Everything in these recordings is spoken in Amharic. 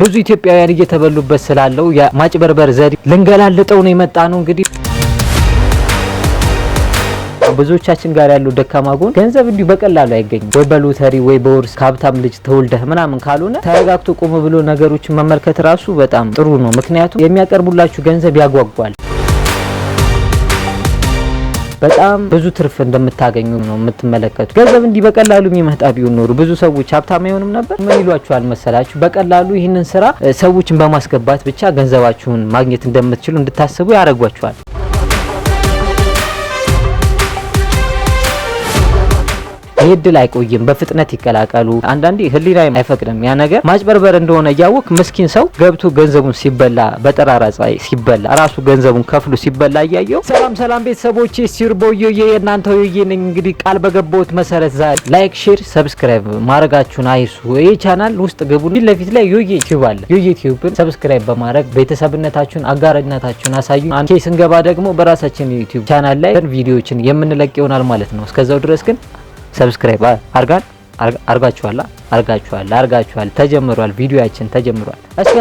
ብዙ ኢትዮጵያውያን እየተበሉበት ስላለው የማጭበርበር ዘዴ ልንገላልጠው ነው የመጣ ነው። እንግዲህ ብዙዎቻችን ጋር ያለው ደካማ ጎን ገንዘብ እንዲሁ በቀላሉ አይገኝም። ወይ በሎተሪ ወይ በውርስ ከሀብታም ልጅ ተወልደህ ምናምን ካልሆነ ተረጋግቶ ቆም ብሎ ነገሮችን መመልከት ራሱ በጣም ጥሩ ነው። ምክንያቱም የሚያቀርቡላችሁ ገንዘብ ያጓጓል። በጣም ብዙ ትርፍ እንደምታገኙ ነው የምትመለከቱ። ገንዘብ እንዲህ በቀላሉ የሚመጣ ቢሆን ኖሩ ብዙ ሰዎች ሀብታም አይሆንም ነበር። ምን ይሏችኋል መሰላችሁ? በቀላሉ ይህንን ስራ ሰዎችን በማስገባት ብቻ ገንዘባችሁን ማግኘት እንደምትችሉ እንድታስቡ ያደርጓችኋል። ይህ እድል አይቆይም፣ በፍጥነት ይቀላቀሉ። አንዳንዴ ህሊና አይፈቅድም። ያ ነገር ማጭበርበር እንደሆነ እያወቅ ምስኪን ሰው ገብቶ ገንዘቡን ሲበላ፣ በጠራራ ፀሐይ ሲበላ፣ ራሱ ገንዘቡን ከፍሎ ሲበላ እያየው። ሰላም ሰላም ቤተሰቦች ሲር ቦዮዬ የእናንተ ዮዬ ነኝ። እንግዲህ ቃል በገባሁት መሰረት ዛሬ ላይክ፣ ሼር፣ ሰብስክራይብ ማድረጋችሁን አይሱ። ይህ ቻናል ውስጥ ግቡ። ፊት ለፊት ላይ ዮዬ ቲዩብ አለ። ዮዬ ቲዩብን ሰብስክራይብ በማድረግ ቤተሰብነታችሁን አጋርነታችሁን አሳዩ። አንኬ ስንገባ ደግሞ በራሳችን ዩቲዩብ ቻናል ላይ ቪዲዮዎችን የምንለቅ ይሆናል ማለት ነው። እስከዛው ድረስ ግን ሰብስክራይብ አርጋን አርጋችኋላ አርጋችኋል አርጋችኋል፣ ተጀምሯል፣ ቪዲዮያችን ተጀምሯል። እስኪ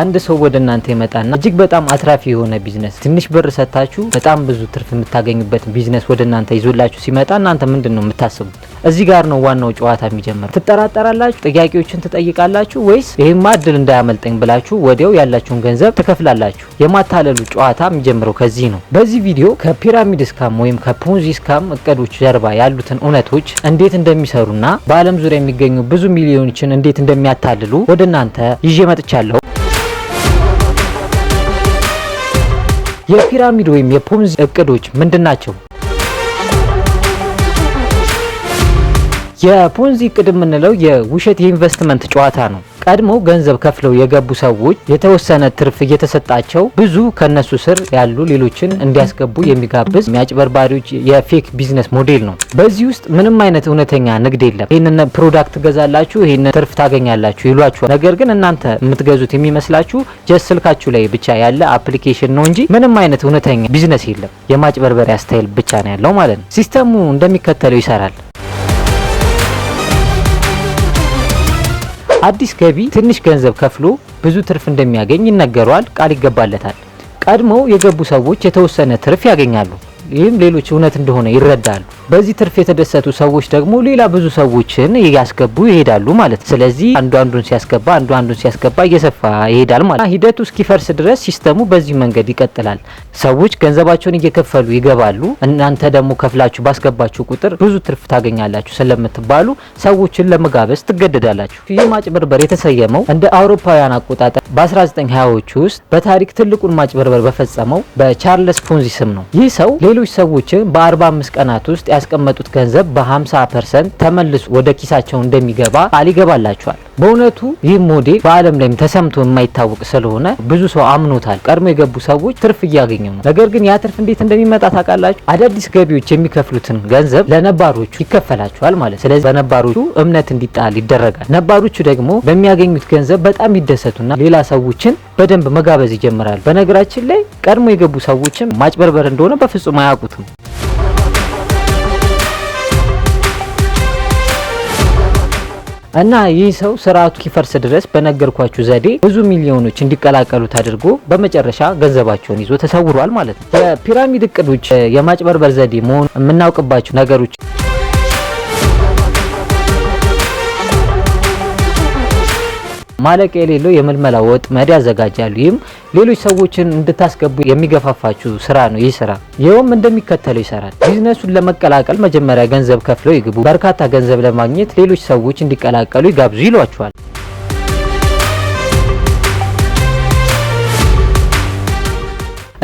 አንድ ሰው ወደ እናንተ ይመጣና እጅግ በጣም አትራፊ የሆነ ቢዝነስ ትንሽ ብር ሰታችሁ በጣም ብዙ ትርፍ የምታገኙበት ቢዝነስ ወደ እናንተ ይዞላችሁ ሲመጣ እናንተ ምንድን ነው የምታስቡት? እዚህ ጋር ነው ዋናው ጨዋታ የሚጀምረው። ትጠራጠራላችሁ፣ ጥያቄዎችን ትጠይቃላችሁ፣ ወይስ ይህማ እድል እንዳያመልጠኝ ብላችሁ ወዲያው ያላችሁን ገንዘብ ትከፍላላችሁ? የማታለሉ ጨዋታ የሚጀምረው ከዚህ ነው። በዚህ ቪዲዮ ከፒራሚድ ስካም ወይም ከፖንዚ ስካም እቅዶች ጀርባ ያሉትን እውነቶች እንዴት እንደሚሰሩና በአለም ዙሪያ የሚገኙ ብዙ ብዙ ሚሊዮኖችን እንዴት እንደሚያታልሉ ወደ እናንተ ይዤ መጥቻለሁ። የፒራሚድ ወይም የፖንዚ እቅዶች ምንድን ናቸው? የፖንዚ እቅድ የምንለው የውሸት የኢንቨስትመንት ጨዋታ ነው። ቀድሞ ገንዘብ ከፍለው የገቡ ሰዎች የተወሰነ ትርፍ እየተሰጣቸው ብዙ ከነሱ ስር ያሉ ሌሎችን እንዲያስገቡ የሚጋብዝ የሚያጭበርባሪዎች የፌክ ቢዝነስ ሞዴል ነው። በዚህ ውስጥ ምንም አይነት እውነተኛ ንግድ የለም። ይህንን ፕሮዳክት ትገዛላችሁ፣ ይህንን ትርፍ ታገኛላችሁ ይሏችኋል። ነገር ግን እናንተ የምትገዙት የሚመስላችሁ ጀስ ስልካችሁ ላይ ብቻ ያለ አፕሊኬሽን ነው እንጂ ምንም አይነት እውነተኛ ቢዝነስ የለም። የማጭበርበሪያ ስታይል ብቻ ነው ያለው ማለት ነው። ሲስተሙ እንደሚከተለው ይሰራል። አዲስ ገቢ ትንሽ ገንዘብ ከፍሎ ብዙ ትርፍ እንደሚያገኝ ይነገረዋል፣ ቃል ይገባለታል። ቀድሞ የገቡ ሰዎች የተወሰነ ትርፍ ያገኛሉ። ይህም ሌሎች እውነት እንደሆነ ይረዳሉ። በዚህ ትርፍ የተደሰቱ ሰዎች ደግሞ ሌላ ብዙ ሰዎችን እያስገቡ ይሄዳሉ ማለት ነው። ስለዚህ አንዱ አንዱን ሲያስገባ አንዱ አንዱን ሲያስገባ እየሰፋ ይሄዳል ማለት ነው። ሂደቱ እስኪፈርስ ድረስ ሲስተሙ በዚህ መንገድ ይቀጥላል። ሰዎች ገንዘባቸውን እየከፈሉ ይገባሉ። እናንተ ደግሞ ከፍላችሁ ባስገባችሁ ቁጥር ብዙ ትርፍ ታገኛላችሁ ስለምትባሉ ሰዎችን ለመጋበዝ ትገደዳላችሁ። ይህ ማጭበርበር የተሰየመው እንደ አውሮፓውያን አቆጣጠር በ 1920 ዎቹ ውስጥ በታሪክ ትልቁን ማጭበርበር በፈጸመው በቻርለስ ፖንዚ ስም ነው። ይህ ሰው ሌሎች ሰዎችን በ45 ቀናት ውስጥ ያስቀመጡት ገንዘብ በ50 ፐርሰንት ተመልሶ ወደ ኪሳቸው እንደሚገባ ቃል ይገባላቸዋል። በእውነቱ ይህ ሞዴል በዓለም ላይም ተሰምቶ የማይታወቅ ስለሆነ ብዙ ሰው አምኖታል። ቀድሞ የገቡ ሰዎች ትርፍ እያገኙ ነው። ነገር ግን ያ ትርፍ እንዴት እንደሚመጣ ታውቃላችሁ? አዳዲስ ገቢዎች የሚከፍሉትን ገንዘብ ለነባሮቹ ይከፈላቸዋል ማለት። ስለዚህ በነባሮቹ እምነት እንዲጣል ይደረጋል። ነባሮቹ ደግሞ በሚያገኙት ገንዘብ በጣም ይደሰቱና ሌላ ሰዎችን በደንብ መጋበዝ ይጀምራሉ። በነገራችን ላይ ቀድሞ የገቡ ሰዎችም ማጭበርበር እንደሆነ በፍጹም አያውቁትም። እና ይህ ሰው ስርዓቱ ኪፈርስ ድረስ በነገርኳችሁ ዘዴ ብዙ ሚሊዮኖች እንዲቀላቀሉት አድርጎ በመጨረሻ ገንዘባቸውን ይዞ ተሰውሯል ማለት ነው። የፒራሚድ እቅዶች የማጭበርበር ዘዴ መሆኑ የምናውቅባቸው ነገሮች ማለቂያ የሌለው የምልመላ ወጥመድ ያዘጋጃሉ። ይህም ሌሎች ሰዎችን እንድታስገቡ የሚገፋፋችሁ ስራ ነው። ይህ ስራ ይኸውም እንደሚከተለው ይሰራል። ቢዝነሱን ለመቀላቀል መጀመሪያ ገንዘብ ከፍለው ይግቡ። በርካታ ገንዘብ ለማግኘት ሌሎች ሰዎች እንዲቀላቀሉ ይጋብዙ ይሏቸዋል።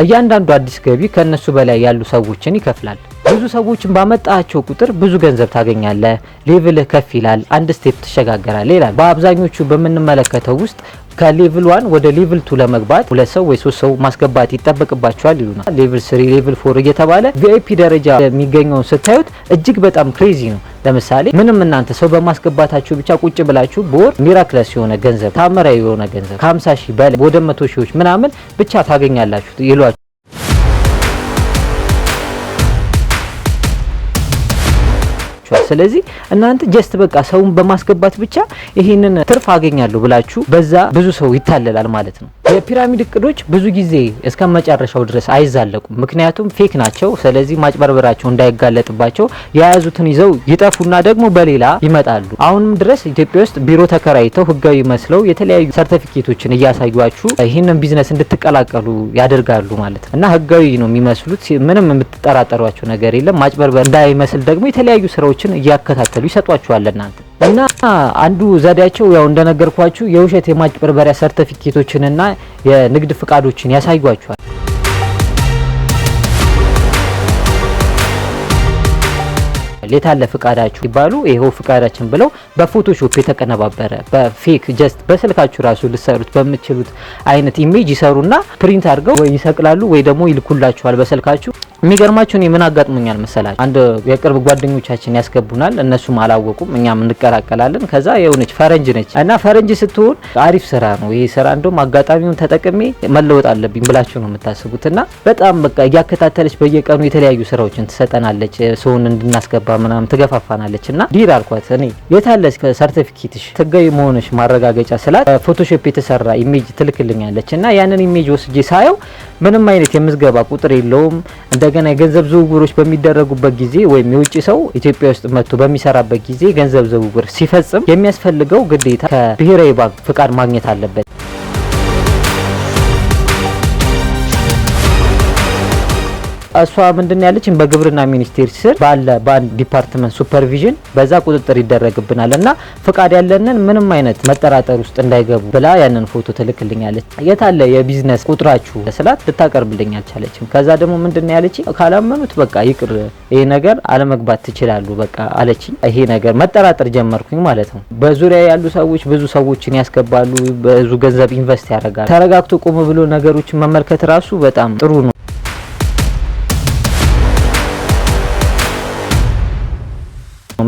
እያንዳንዱ አዲስ ገቢ ከእነሱ በላይ ያሉ ሰዎችን ይከፍላል። ብዙ ሰዎችን ባመጣቸው ቁጥር ብዙ ገንዘብ ታገኛለ ሌቭልህ ከፍ ይላል፣ አንድ ስቴፕ ትሸጋገራለህ ይላል። በአብዛኞቹ በምንመለከተው ውስጥ ከሌቭል ዋን ወደ ሌቭል ቱ ለመግባት ሁለት ሰው ወይ ሶስት ሰው ማስገባት ይጠበቅባቸዋል ይሉና ሌቭል ስሪ፣ ሌቭል ፎር እየተባለ ቪአይፒ ደረጃ የሚገኘውን ስታዩት እጅግ በጣም ክሬዚ ነው። ለምሳሌ ምንም እናንተ ሰው በማስገባታችሁ ብቻ ቁጭ ብላችሁ በወር ሚራክለስ የሆነ ገንዘብ ታምራዊ የሆነ ገንዘብ ከ50 ሺህ በላይ ወደ 100 ሺዎች ምናምን ብቻ ታገኛላችሁ ይሏችሁ ይኖራቸዋል። ስለዚህ እናንተ ጀስት በቃ ሰውን በማስገባት ብቻ ይህንን ትርፍ አገኛለሁ ብላችሁ በዛ ብዙ ሰው ይታለላል ማለት ነው። የፒራሚድ እቅዶች ብዙ ጊዜ እስከ መጨረሻው ድረስ አይዛለቁም፣ ምክንያቱም ፌክ ናቸው። ስለዚህ ማጭበርበራቸው እንዳይጋለጥባቸው የያዙትን ይዘው ይጠፉና ደግሞ በሌላ ይመጣሉ። አሁንም ድረስ ኢትዮጵያ ውስጥ ቢሮ ተከራይተው ህጋዊ መስለው የተለያዩ ሰርተፊኬቶችን እያሳዩችሁ ይህንን ቢዝነስ እንድትቀላቀሉ ያደርጋሉ ማለት ነው እና ህጋዊ ነው የሚመስሉት። ምንም የምትጠራጠሯቸው ነገር የለም። ማጭበርበር እንዳይመስል ደግሞ የተለያዩ ስራዎች ሰዎችን እያከታተሉ ይሰጧቸዋል እናንተ እና አንዱ ዘዴያቸው ያው እንደነገርኳችሁ የውሸት የማጭበርበሪያ ሰርተፊኬቶችንና የንግድ ፍቃዶችን ያሳዩቸዋል። ሌታለ ፍቃዳችሁ ይባሉ ይሄው ፍቃዳችን ብለው በፎቶሾፕ የተቀነባበረ በፌክ ጀስት በስልካችሁ ራሱ ልሰሩት በምችሉት አይነት ኢሜጅ ይሰሩና ፕሪንት አድርገው ወይ ይሰቅላሉ ወይ ደግሞ ይልኩላችኋል በስልካችሁ የሚገርማችሁ እኔ ምን አጋጥሞኛል መሰላችሁ? አንድ የቅርብ ጓደኞቻችን ያስገቡናል። እነሱም አላወቁም፣ እኛም እንቀላቀላለን። ከዛ የሆነች ፈረንጅ ነች እና ፈረንጅ ስትሆን አሪፍ ስራ ነው ይሄ ስራ፣ እንደውም አጋጣሚውን ተጠቅሜ መለወጥ አለብኝ ብላችሁ ነው የምታስቡት። እና በጣም በቃ እያከታተለች በየቀኑ የተለያዩ ስራዎችን ትሰጠናለች፣ ሰውን እንድናስገባ ምናምን ትገፋፋናለች። እና ዲር አልኳት እኔ የታለች ሰርቲፊኬትሽ ትገይ መሆንሽ ማረጋገጫ ስላት ፎቶሾፕ የተሰራ ኢሜጅ ትልክልኛለች። እና ያንን ኢሜጅ ወስጄ ሳየው ምንም አይነት የምዝገባ ቁጥር የለውም እንደ እንደገና የገንዘብ ዝውውሮች በሚደረጉበት ጊዜ ወይም የውጭ ሰው ኢትዮጵያ ውስጥ መጥቶ በሚሰራበት ጊዜ ገንዘብ ዝውውር ሲፈጽም የሚያስፈልገው ግዴታ ከብሔራዊ ባንክ ፍቃድ ማግኘት አለበት። እሷ ምንድን ያለችን በግብርና ሚኒስቴር ስር ባለ በአንድ ዲፓርትመንት ሱፐርቪዥን በዛ ቁጥጥር ይደረግብናል እና ፍቃድ ያለንን ምንም አይነት መጠራጠር ውስጥ እንዳይገቡ ብላ ያንን ፎቶ ትልክልኛለች። የታለ የቢዝነስ ቁጥራችሁ ስላት ልታቀርብልኝ አልቻለችም። ከዛ ደግሞ ምንድን ያለች ካላመኑት በቃ ይቅር ይሄ ነገር አለመግባት ትችላሉ በቃ አለችኝ። ይሄ ነገር መጠራጠር ጀመርኩኝ ማለት ነው። በዙሪያ ያሉ ሰዎች ብዙ ሰዎችን ያስገባሉ፣ ብዙ ገንዘብ ኢንቨስት ያደርጋሉ። ተረጋግቶ ቆም ብሎ ነገሮችን መመልከት ራሱ በጣም ጥሩ ነው።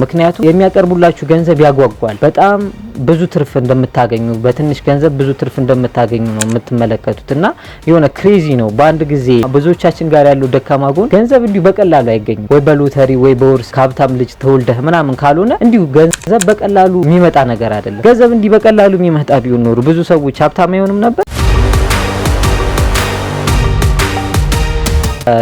ምክንያቱም የሚያቀርቡላችሁ ገንዘብ ያጓጓል። በጣም ብዙ ትርፍ እንደምታገኙ በትንሽ ገንዘብ ብዙ ትርፍ እንደምታገኙ ነው የምትመለከቱት እና የሆነ ክሬዚ ነው። በአንድ ጊዜ ብዙዎቻችን ጋር ያለው ደካማ ጎን ገንዘብ እንዲሁ በቀላሉ አይገኝም። ወይ በሎተሪ ወይ በውርስ ከሀብታም ልጅ ተወልደህ ምናምን ካልሆነ እንዲሁ ገንዘብ በቀላሉ የሚመጣ ነገር አይደለም። ገንዘብ እንዲህ በቀላሉ የሚመጣ ቢሆን ኖሩ ብዙ ሰዎች ሀብታም አይሆንም ነበር።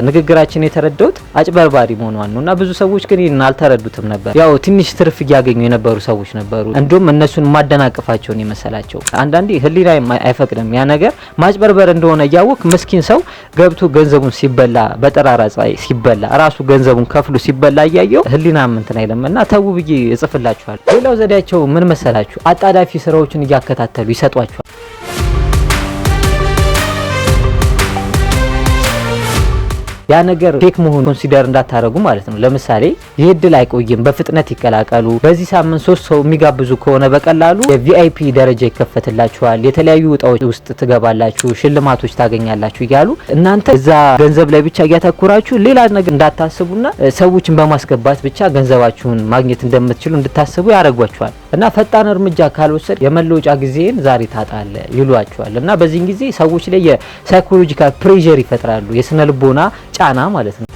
ንግግራችን የተረዳሁት አጭበርባሪ መሆኗን ነው እና ብዙ ሰዎች ግን ይህን አልተረዱትም ነበር። ያው ትንሽ ትርፍ እያገኙ የነበሩ ሰዎች ነበሩ። እንዲሁም እነሱን ማደናቀፋቸውን የመሰላቸው አንዳንዴ ህሊና አይፈቅድም ያ ነገር ማጭበርበር እንደሆነ እያወቅ ምስኪን ሰው ገብቶ ገንዘቡን ሲበላ በጠራራ ፀሐይ ሲበላ ራሱ ገንዘቡን ከፍሎ ሲበላ እያየው ህሊና ምንትን አይለም እና ተዉ ብዬ እጽፍላችኋል። ሌላው ዘዴያቸው ምን መሰላችሁ? አጣዳፊ ስራዎችን እያከታተሉ ይሰጧቸዋል። ያ ነገር ፌክ መሆኑ ኮንሲደር እንዳታደረጉ ማለት ነው። ለምሳሌ ይህ እድል አይቆይም፣ በፍጥነት ይቀላቀሉ። በዚህ ሳምንት ሶስት ሰው የሚጋብዙ ከሆነ በቀላሉ የቪአይፒ ደረጃ ይከፈትላችኋል፣ የተለያዩ እጣዎች ውስጥ ትገባላችሁ፣ ሽልማቶች ታገኛላችሁ እያሉ እናንተ እዛ ገንዘብ ላይ ብቻ እያተኩራችሁ ሌላ ነገር እንዳታስቡና ሰዎችን በማስገባት ብቻ ገንዘባችሁን ማግኘት እንደምትችሉ እንድታስቡ ያደረጓችኋል። እና ፈጣን እርምጃ ካልወሰድ የመለወጫ ጊዜን ዛሬ ታጣለ ይሏቸዋል። እና በዚህን ጊዜ ሰዎች ላይ የሳይኮሎጂካል ፕሬር ይፈጥራሉ፣ የስነ ልቦና ጫና ማለት ነው።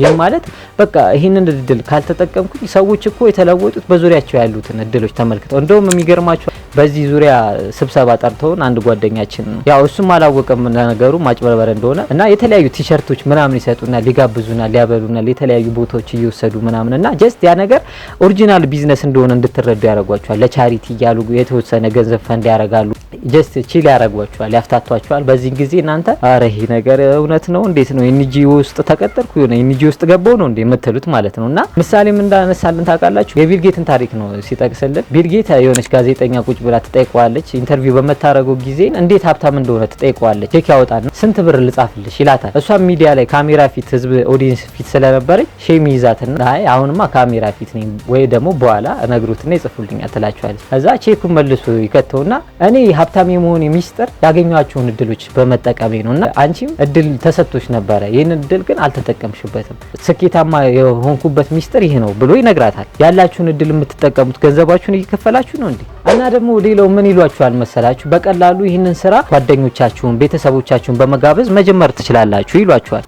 ይህ ማለት በቃ ይህንን እድል ካልተጠቀምኩኝ ሰዎች እኮ የተለወጡት በዙሪያቸው ያሉትን እድሎች ተመልክተው እንደውም የሚገርማቸው በዚህ ዙሪያ ስብሰባ ጠርተውን አንድ ጓደኛችን ያው እሱም አላወቀም ነገሩ ማጭበርበር እንደሆነ እና የተለያዩ ቲሸርቶች ምናምን ይሰጡና ሊጋብዙና ሊያበሉና የተለያዩ ቦታዎች እየወሰዱ ምናምን እና ጀስት ያ ነገር ኦሪጂናል ቢዝነስ እንደሆነ እንድትረዱ ያደርጓቸዋል። ለቻሪቲ እያሉ የተወሰነ ገንዘብ ፈንድ ያደርጋሉ። ጀስት ቺል ያደርጓቸዋል፣ ያፍታቷቸዋል። በዚህ ጊዜ እናንተ አረ ይሄ ነገር እውነት ነው እንዴት ነው ኤንጂኦ ውስጥ ተቀጠርኩ የሆነ ኤንጂኦ ውስጥ ገባው ነው እንዴ የምትሉት ማለት ነው። እና ምሳሌም እንዳነሳልን ታውቃላችሁ የቢልጌትን ታሪክ ነው ሲጠቅስልን ቢልጌት የሆነች ጋዜጠኛ ቁጭ ብላ ትጠይቀዋለች። ኢንተርቪው በምታደረገው ጊዜ እንዴት ሀብታም እንደሆነ ትጠይቀዋለች። ቼክ ያወጣና ስንት ብር ልጻፍልሽ ይላታል። እሷ ሚዲያ ላይ ካሜራ ፊት ህዝብ ኦዲየንስ ፊት ስለነበረች ሼም ይዛትና አይ አሁንማ ካሜራ ፊት ነኝ ወይ ደግሞ በኋላ እነግሩትና ይጽፉልኛል ትላቸዋለች። ከዛ ቼኩን መልሶ ይከተውና እኔ ሀብታም የመሆን የሚስጥር ያገኟቸውን እድሎች በመጠቀሜ ነው እና አንቺም እድል ተሰጥቶች ነበረ፣ ይህን እድል ግን አልተጠቀምሽበትም። ስኬታማ የሆንኩበት ሚስጥር ይህ ነው ብሎ ይነግራታል። ያላችሁን እድል የምትጠቀሙት ገንዘባችሁን እየከፈላችሁ ነው እንዴ? እና ደግሞ ሌላው ምን ይሏችኋል መሰላችሁ፣ በቀላሉ ይህንን ስራ ጓደኞቻችሁን፣ ቤተሰቦቻችሁን በመጋበዝ መጀመር ትችላላችሁ ይሏችኋል።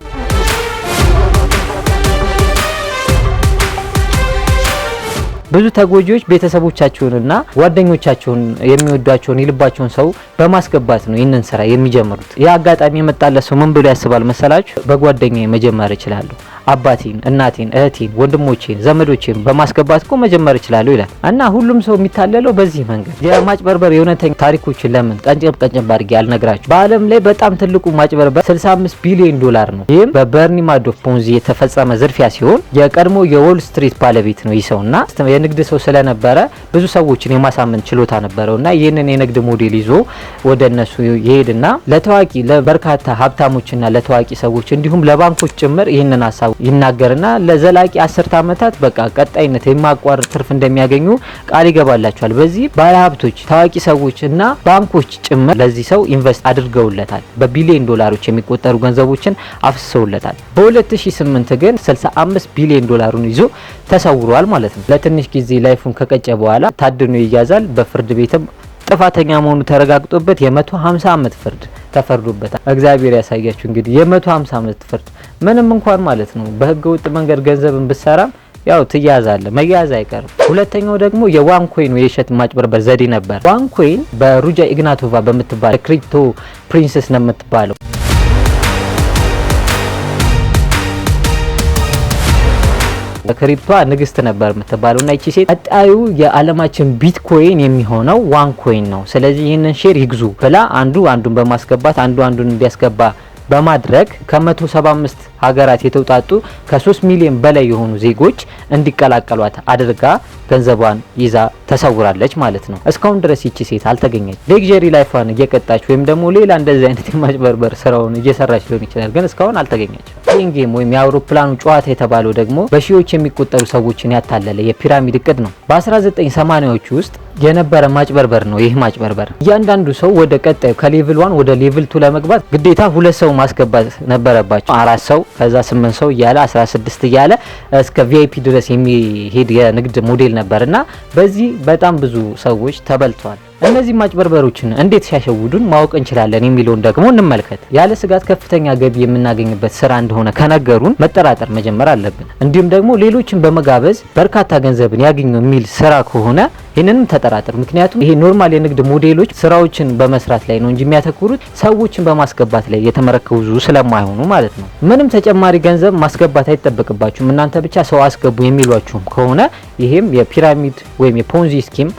ብዙ ተጎጂዎች ቤተሰቦቻቸውንና ጓደኞቻቸውን የሚወዷቸውን የልባቸውን ሰው በማስገባት ነው ይህንን ስራ የሚጀምሩት። ያ አጋጣሚ የመጣለት ሰው ምን ብሎ ያስባል መሰላችሁ? በጓደኛ መጀመር እችላለሁ አባቴን፣ እናቴን፣ እህቴን፣ ወንድሞቼን፣ ዘመዶቼን በማስገባት እኮ መጀመር እችላለሁ ይላል እና ሁሉም ሰው የሚታለለው በዚህ መንገድ የማጭበርበር የእውነተኛ ታሪኮችን ለምን ቀንጨብ ቀንጨብ አድርጌ አልነግራችሁ። በዓለም ላይ በጣም ትልቁ ማጭበርበር 65 ቢሊዮን ዶላር ነው። ይህም በበርኒ ማዶፍ ፖንዚ የተፈጸመ ዝርፊያ ሲሆን የቀድሞ የዎል ስትሪት ባለቤት ነው ይህ ሰው እና የንግድ ሰው ስለነበረ ብዙ ሰዎችን የማሳመን ችሎታ ነበረው እና ይህንን የንግድ ሞዴል ይዞ ወደ እነሱ ይሄድና ለታዋቂ ለበርካታ ሀብታሞችና ለታዋቂ ሰዎች እንዲሁም ለባንኮች ጭምር ይህንን ሀሳብ ይናገርና ለዘላቂ አስርት ዓመታት በቃ ቀጣይነት የማቋረጥ ትርፍ እንደሚያገኙ ቃል ይገባላቸዋል። በዚህ ባለሀብቶች፣ ታዋቂ ሰዎች እና ባንኮች ጭምር ለዚህ ሰው ኢንቨስት አድርገውለታል። በቢሊዮን ዶላሮች የሚቆጠሩ ገንዘቦችን አፍስሰውለታል። በ2008 ግን 65 ቢሊዮን ዶላሩን ይዞ ተሰውሯል ማለት ነው። ለትንሽ ጊዜ ላይፉን ከቀጨ በኋላ ታድኖ ይያዛል። በፍርድ ቤትም ጥፋተኛ መሆኑ ተረጋግጦበት የ150 ዓመት ፍርድ ተፈርዶበታል። እግዚአብሔር ያሳያችሁ። እንግዲህ የ150 ዓመት ፍርድ ምንም እንኳን ማለት ነው በህገ ወጥ መንገድ ገንዘብን ብሰራም ያው ትያዛለ፣ መያዝ አይቀርም። ሁለተኛው ደግሞ የዋንኮይን ኮይን የእሸት ማጭበርበር ዘዴ ነበር። ዋንኮይን በሩጃ ኢግናቶቫ በምትባል ክሪፕቶ ፕሪንሰስ ነው የምትባለው ክሪፕቷ ንግስት ነበር የምትባለው እና ይቺ ሴት ቀጣዩ የአለማችን ቢትኮይን የሚሆነው ዋን ኮይን ነው። ስለዚህ ይህንን ሼር ይግዙ ብላ አንዱ አንዱን በማስገባት አንዱ አንዱን እንዲያስገባ በማድረግ ከ175 ሀገራት የተውጣጡ ከ3 ሚሊዮን በላይ የሆኑ ዜጎች እንዲቀላቀሏት አድርጋ ገንዘቧን ይዛ ተሰውራለች ማለት ነው። እስካሁን ድረስ ይቺ ሴት አልተገኘች። ሌግጀሪ ላይፏን እየቀጣች ወይም ደግሞ ሌላ እንደዚህ አይነት የማጭበርበር ስራውን እየሰራች ሊሆን ይችላል፣ ግን እስካሁን አልተገኘች። ፕሌይንግ ጌም ወይም የአውሮፕላኑ ጨዋታ የተባለው ደግሞ በሺዎች የሚቆጠሩ ሰዎችን ያታለለ የፒራሚድ እቅድ ነው። በ1980ዎቹ ውስጥ የነበረ ማጭበርበር ነው። ይህ ማጭበርበር እያንዳንዱ ሰው ወደ ቀጣዩ ከሌቭል ዋን ወደ ሌቭል ቱ ለመግባት ግዴታ ሁለት ሰው ማስገባት ነበረባቸው። አራት ሰው ከዛ ስምንት ሰው እያለ 16 እያለ እስከ ቪአይፒ ድረስ የሚሄድ የንግድ ሞዴል ነበርና በዚህ በጣም ብዙ ሰዎች ተበልተዋል። እነዚህ ማጭበርበሮችን እንዴት ሲያሸውዱን ማወቅ እንችላለን የሚለውን ደግሞ እንመልከት። ያለ ስጋት ከፍተኛ ገቢ የምናገኝበት ስራ እንደሆነ ከነገሩን መጠራጠር መጀመር አለብን። እንዲሁም ደግሞ ሌሎችን በመጋበዝ በርካታ ገንዘብን ያገኙ የሚል ስራ ከሆነ ይህንንም ተጠራጥር። ምክንያቱም ይሄ ኖርማል የንግድ ሞዴሎች ስራዎችን በመስራት ላይ ነው እንጂ የሚያተኩሩት ሰዎችን በማስገባት ላይ የተመረኮዙ ስለማይሆኑ ማለት ነው። ምንም ተጨማሪ ገንዘብ ማስገባት አይጠበቅባችሁም። እናንተ ብቻ ሰው አስገቡ የሚሏችሁም ከሆነ ይሄም የፒራሚድ ወይም የፖንዚ ስኪም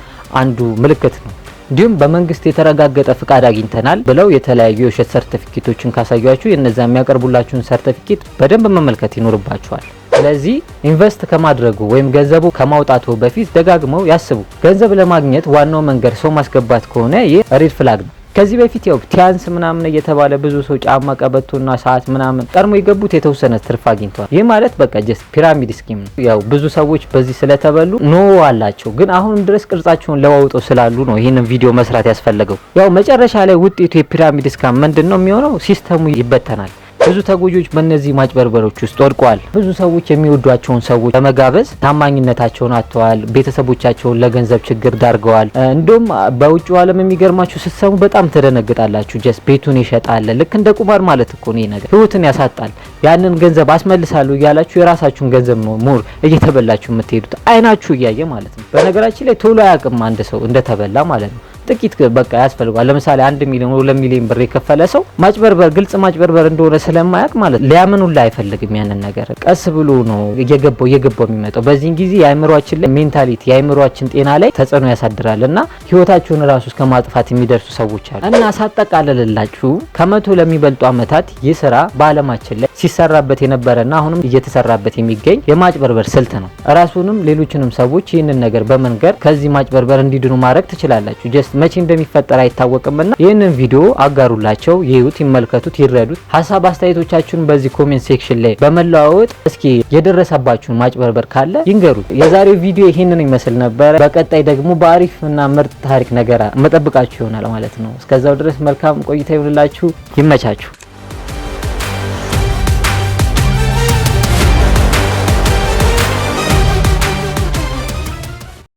አንዱ ምልክት ነው። እንዲሁም በመንግስት የተረጋገጠ ፍቃድ አግኝተናል ብለው የተለያዩ የውሸት ሰርተፊኬቶችን ካሳያችሁ የነዛ የሚያቀርቡላችሁን ሰርተፊኬት በደንብ መመልከት ይኖርባችኋል። ስለዚህ ኢንቨስት ከማድረጉ ወይም ገንዘቡ ከማውጣቱ በፊት ደጋግመው ያስቡ። ገንዘብ ለማግኘት ዋናው መንገድ ሰው ማስገባት ከሆነ ይህ ሬድ ፍላግ ነው። ከዚህ በፊት ያው ቲያንስ ምናምን እየተባለ ብዙ ሰው ጫማ ቀበቶና ሰዓት ምናምን ቀድሞ የገቡት የተወሰነ ትርፍ አግኝተዋል። ይህ ማለት በቃ ጀስት ፒራሚድ ስኪም ነው። ያው ብዙ ሰዎች በዚህ ስለተበሉ ኖ አላቸው፣ ግን አሁንም ድረስ ቅርጻቸውን ለዋውጠው ስላሉ ነው ይህንን ቪዲዮ መስራት ያስፈለገው። ያው መጨረሻ ላይ ውጤቱ የፒራሚድ ስካም ምንድን ነው የሚሆነው? ሲስተሙ ይበተናል። ብዙ ተጎጂዎች በእነዚህ ማጭበርበሮች ውስጥ ወድቀዋል። ብዙ ሰዎች የሚወዷቸውን ሰዎች በመጋበዝ ታማኝነታቸውን አጥተዋል። ቤተሰቦቻቸውን ለገንዘብ ችግር ዳርገዋል። እንዲሁም በውጭው ዓለም የሚገርማችሁ ስትሰሙ በጣም ትደነግጣላችሁ። ጀስ ቤቱን ይሸጣል። ልክ እንደ ቁማር ማለት እኮ ነው ነገር ህይወትን ያሳጣል። ያንን ገንዘብ አስመልሳሉ እያላችሁ የራሳችሁን ገንዘብ ሙር እየተበላችሁ የምትሄዱት አይናችሁ እያየ ማለት ነው። በነገራችን ላይ ቶሎ አያውቅም አንድ ሰው እንደተበላ ማለት ነው። ጥቂት በቃ ያስፈልጓል። ለምሳሌ አንድ ሚሊዮን ሁለት ሚሊዮን ብር የከፈለ ሰው ማጭበርበር ግልጽ ማጭበርበር እንደሆነ ስለማያውቅ ማለት ሊያምኑላ አይፈልግም። ያንን ነገር ቀስ ብሎ ነው እየገባው እየገባው የሚመጣው። በዚህን ጊዜ የአእምሯችን ላይ ሜንታሊቲ የአእምሯችን ጤና ላይ ተጽዕኖ ያሳድራል እና ህይወታችሁን ራሱ እስከ ማጥፋት የሚደርሱ ሰዎች አሉ እና ሳጠቃለልላችሁ ከመቶ ለሚበልጡ ዓመታት ይህ ስራ ላይ ሲሰራበት የነበረና አሁንም እየተሰራበት የሚገኝ የማጭበርበር ስልት ነው። እራሱንም ሌሎችንም ሰዎች ይህንን ነገር በመንገር ከዚህ ማጭበርበር እንዲድኑ ማድረግ ትችላላችሁ ጀስት መቼ እንደሚፈጠር አይታወቅምና ይህንን ቪዲዮ አጋሩላቸው፣ ይዩት፣ ይመልከቱት፣ ይረዱት። ሀሳብ አስተያየቶቻችሁን በዚህ ኮሜንት ሴክሽን ላይ በመለዋወጥ እስኪ የደረሰባችሁን ማጭበርበር ካለ ይንገሩት። የዛሬው ቪዲዮ ይህንን ይመስል ነበረ። በቀጣይ ደግሞ በአሪፍ እና ምርጥ ታሪክ ነገር መጠብቃችሁ ይሆናል ማለት ነው። እስከዛው ድረስ መልካም ቆይታ ይሁንላችሁ። ይመቻችሁ።